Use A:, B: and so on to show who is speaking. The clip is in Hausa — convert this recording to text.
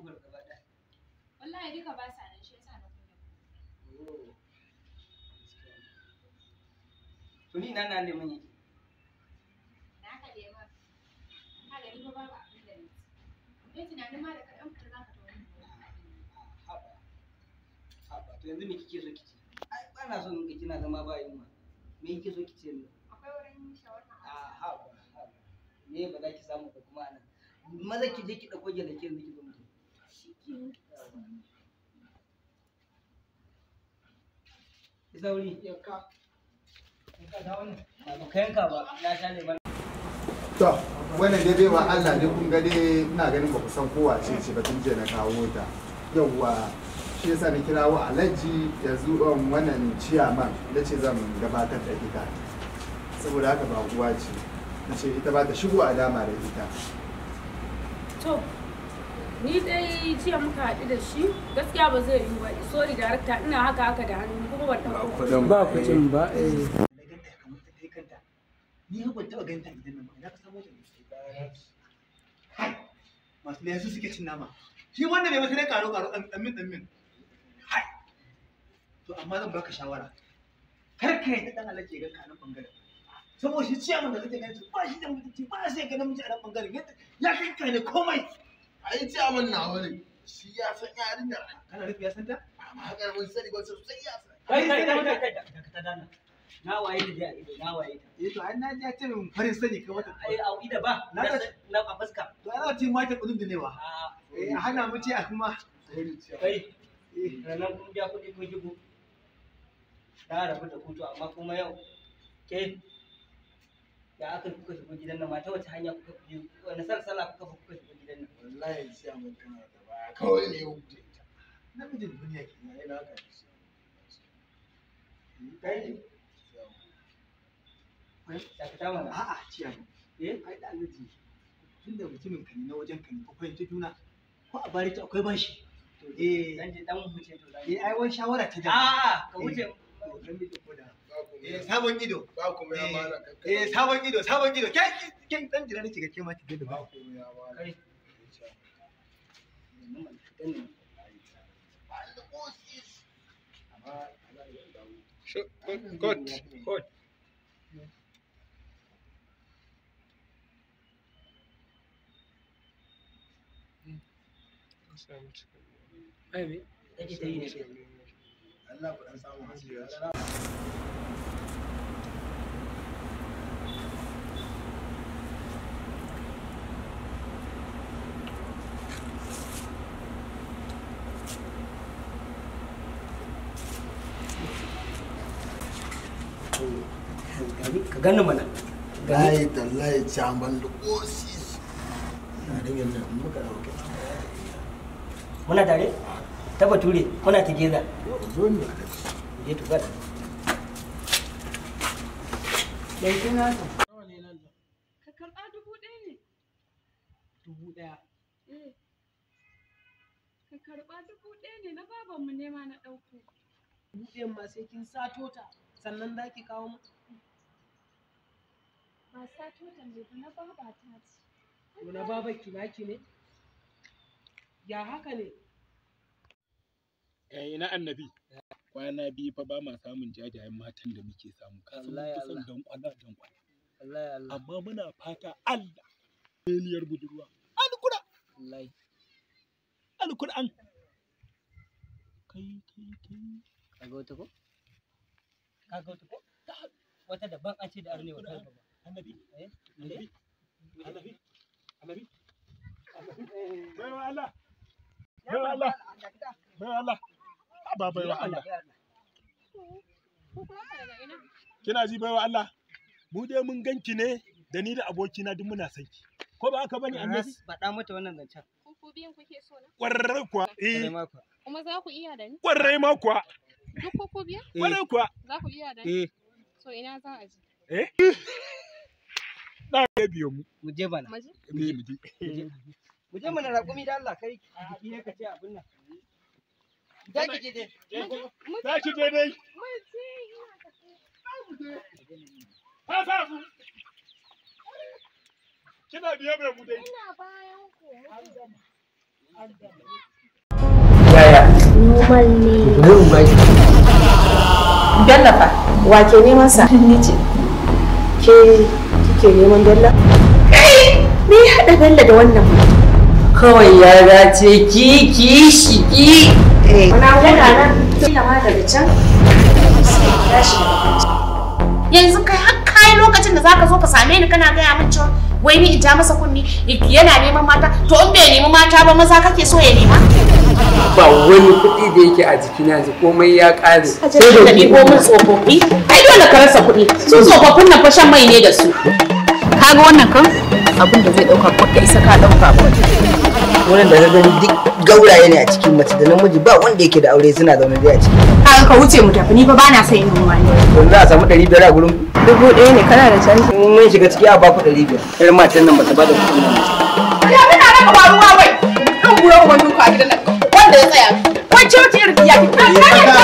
A: gogar gaba ɗaya wallahi duka ba sa nan shi yasa na kunya oh, Tuni ni na na neman yake na ka neman ka gani ba babu abin da
B: nake dai tunanin ma da kaɗan
A: kuɗi za ka tawo haba haba to yanzu me kike so kici ai ba na son kina zama ba yunwa me kike so kice ne akwai wurin shawarma a ah, haba haba me ba za ki samu ba kuma anan maza ki je ki ɗauko gyalake yanzu ki zo To, wannan dai Allah ne kun gani ina ganin ba ku san kowa ce ce ba tun jiya na kawo ta. Yawwa shi yasa na kirawo Alhaji yanzu um, wannan ciyaman na ce zan gabatar da ita. Saboda haka ba kuwa ce. Na ce ita ba ta shigo a dama da ita. To, ni dai jiya muka haɗu da shi gaskiya ba zai yi ba sorry director ina haka haka da hannu kuma ban taɓa kuɗin ba kuɗin ba eh ni ban taɓa ganta idan nan ba ina ka samu ta kai masu ne su suke cin nama shi wannan ne masu ne karo karo ɗan ɗan min ɗan min kai to amma zan baka shawara kar ka yi ɗan alaji ga kanan bangaren saboda shi ciyaman da kake ganin ba shi da mutunci ba sai ga namiji a nan bangaren ya kanka ne komai ai ce amin na wani shi ya san yarinya kana rufe ya san ta amma haka mun sani ba sosai ya san kai sai da mata kai ta dana na waye da jiya ido na waye ta eh to ai na ji ce mun farin sani ka mata ai a ida ba na na a fuska to ana ce mata kudin da ne wa ah, eh hana mu ce a kuma kai eh. ranar kun biya kuɗi ko jibo ta rabu da kuto amma kuma yau ke ya aka kuka shigo gidan nan mata wace hanya kuka biyo wani sarsala kuka kuka shigo wallahi da baya kawai ne ya wuce ta namijin duniya ke na yana haka ne sai mana a'a ciya ne eh ai da alaji da mutumin kan na wajen ka ko fahimci juna ko a bari ta akwai bashi to eh dan je dan to dan eh ai wani shawara ta da a'a ka eh. wuce. to dan bi ko da eh sabon ido ba kuma ya mala eh, eh sabon ido sabon ido ke kin dan jira ne kike ke ma da ba kuma ya mala Sure. Good. Good. Good. Maybe. Allah ka gani mana layi da layi jaman da osis muna tare ta bature muna ta geza zo ne a je ta ka karba dubu ɗaya ne dubu ɗaya eh. ka karba dubu ɗaya ne na babanmu nema na ɗauko buɗe ma sai kin sato ta sannan za ki kawo mu ba sato tambaye na baba ta ce to na baba ki ki ne ya haka ne eh ina annabi kwana biyu fa ba ma samun jajayen matan da muke samu kasan mun fi son dankwala dankwala amma muna fata Allah miliyar budurwa alkura wallahi alkur'an kai kai kai kaga wata ko ka ga ko wata kina ji bai Allah mu dai mun ganki ne da ni da abokina duk muna ko ba haka bane annabi faɗa mata wannan zancen ku biyan kuke so na kuwa eh kuma za ku iya da ni ma kuwa Duk eh. kuwa. Za ku iya da? Eh. So ina za a Eh. ya biyo mu. Mu je bana. Eh, mu je. Mu je. Mu je mana da Allah kai ka ce abin nan. Za ki je dai. Za ki je dai. Mu je. Kina mai mu dai. Ina bayan ku. An gama. An gama. Yaya? Normal ne. Normal ne. Bello Wa ke neman sa? Ni ce. Ke kike neman Bello? Kai! Me ya haɗa Bello da wannan? Kawai ya dace ki ki shi ki. Eh. Wani abu da nan kila ma daga can. Yanzu kai har kai lokacin da zaka zo ka same ni kana gaya min cewa wai ni in ja masa kunni yana neman mata to in bai nemi mata ba maza kake so ya nema? ba wani kuɗi da yake a jikina yanzu komai ya ƙare sai da ɗibo mun tsofaffi ai dole ka rasa kuɗi su tsofaffin nan fashan mai ne da su kaga wannan kan abin da zai ɗauka ko da isa ka ɗauka ba wurin da zan duk gauraye ne a cikin mace da namiji ba wanda yake da aure suna zaune dai a ciki kaga ka wuce mu tafi ni ba bana sai mu ruwa ne Za a samu ɗari biyar a gurin dubu ɗaya ne kana da canji mun shiga ciki a baku ɗari biyar irin matan nan ba ta ba da kuɗi nan. Ya muna raka ba ruwa wai. Ɗan gura ubangin ku a gidan What Wace wace irin